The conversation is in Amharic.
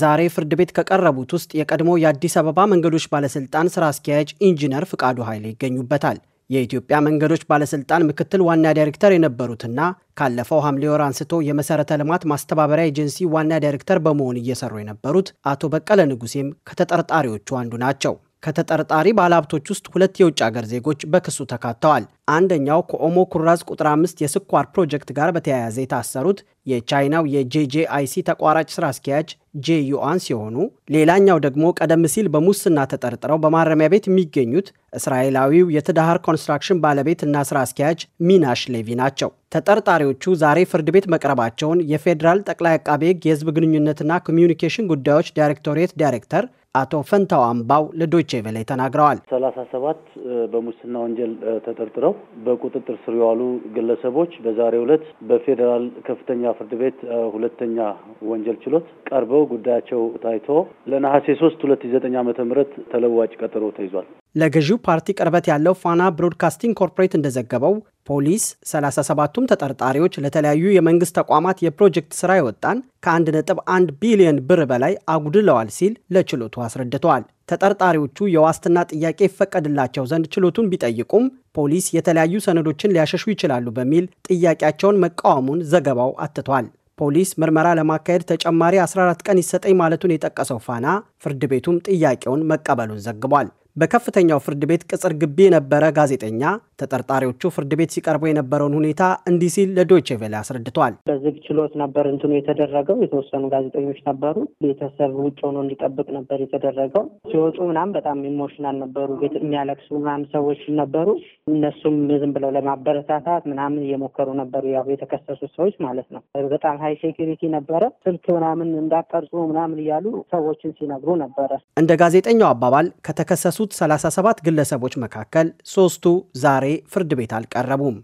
ዛሬ ፍርድ ቤት ከቀረቡት ውስጥ የቀድሞ የአዲስ አበባ መንገዶች ባለስልጣን ስራ አስኪያጅ ኢንጂነር ፍቃዱ ኃይሌ ይገኙበታል። የኢትዮጵያ መንገዶች ባለስልጣን ምክትል ዋና ዳይሬክተር የነበሩትና ካለፈው ሐምሌ ወር አንስቶ የመሰረተ ልማት ማስተባበሪያ ኤጀንሲ ዋና ዳይሬክተር በመሆን እየሰሩ የነበሩት አቶ በቀለ ንጉሴም ከተጠርጣሪዎቹ አንዱ ናቸው። ከተጠርጣሪ ባለሀብቶች ውስጥ ሁለት የውጭ አገር ዜጎች በክሱ ተካተዋል። አንደኛው ከኦሞ ኩራዝ ቁጥር አምስት የስኳር ፕሮጀክት ጋር በተያያዘ የታሰሩት የቻይናው የጄጄአይሲ ተቋራጭ ስራ አስኪያጅ ጄ ዩአን ሲሆኑ ሌላኛው ደግሞ ቀደም ሲል በሙስና ተጠርጥረው በማረሚያ ቤት የሚገኙት እስራኤላዊው የትዳሃር ኮንስትራክሽን ባለቤት እና ስራ አስኪያጅ ሚናሽ ሌቪ ናቸው። ተጠርጣሪዎቹ ዛሬ ፍርድ ቤት መቅረባቸውን የፌዴራል ጠቅላይ አቃቤ ሕግ የህዝብ ግንኙነትና ኮሚዩኒኬሽን ጉዳዮች ዳይሬክቶሬት ዳይሬክተር አቶ ፈንታው አምባው ለዶቼ ቬለ ተናግረዋል። ሰላሳ ሰባት በሙስና ወንጀል ተጠርጥረው በቁጥጥር ስር የዋሉ ግለሰቦች በዛሬው ዕለት በፌዴራል ከፍተኛ ፍርድ ቤት ሁለተኛ ወንጀል ችሎት ቀርበው ጉዳያቸው ታይቶ ለነሐሴ ሶስት ሁለት ዘጠኝ ዓመተ ተለዋጭ ቀጠሮ ተይዟል። ለገዢው ፓርቲ ቅርበት ያለው ፋና ብሮድካስቲንግ ኮርፖሬት እንደዘገበው ፖሊስ 37ቱም ተጠርጣሪዎች ለተለያዩ የመንግስት ተቋማት የፕሮጀክት ስራ የወጣን ከ1.1 ቢሊዮን ብር በላይ አጉድለዋል ሲል ለችሎቱ አስረድተዋል። ተጠርጣሪዎቹ የዋስትና ጥያቄ ይፈቀድላቸው ዘንድ ችሎቱን ቢጠይቁም ፖሊስ የተለያዩ ሰነዶችን ሊያሸሹ ይችላሉ በሚል ጥያቄያቸውን መቃወሙን ዘገባው አትቷል። ፖሊስ ምርመራ ለማካሄድ ተጨማሪ 14 ቀን ይሰጠኝ ማለቱን የጠቀሰው ፋና ፍርድ ቤቱም ጥያቄውን መቀበሉን ዘግቧል። በከፍተኛው ፍርድ ቤት ቅጽር ግቢ የነበረ ጋዜጠኛ ተጠርጣሪዎቹ ፍርድ ቤት ሲቀርቡ የነበረውን ሁኔታ እንዲህ ሲል ለዶይቼ ቬለ አስረድቷል። በዝግ ችሎት ነበር እንትኑ የተደረገው። የተወሰኑ ጋዜጠኞች ነበሩ። ቤተሰብ ውጭ ሆኖ እንዲጠብቅ ነበር የተደረገው። ሲወጡ ምናም በጣም ኢሞሽናል ነበሩ። የሚያለቅሱ ምናም ሰዎች ነበሩ። እነሱም ዝም ብለው ለማበረታታት ምናምን እየሞከሩ ነበሩ። ያው የተከሰሱ ሰዎች ማለት ነው። በጣም ሀይ ሴኪሪቲ ነበረ። ስልክ ምናምን እንዳቀርጹ ምናምን እያሉ ሰዎችን ሲነግሩ ነበረ። እንደ ጋዜጠኛው አባባል ከተከሰሱት ሰላሳ ሰባት ግለሰቦች መካከል ሶስቱ ዛሬ ፍርድ ቤት አልቀረቡም።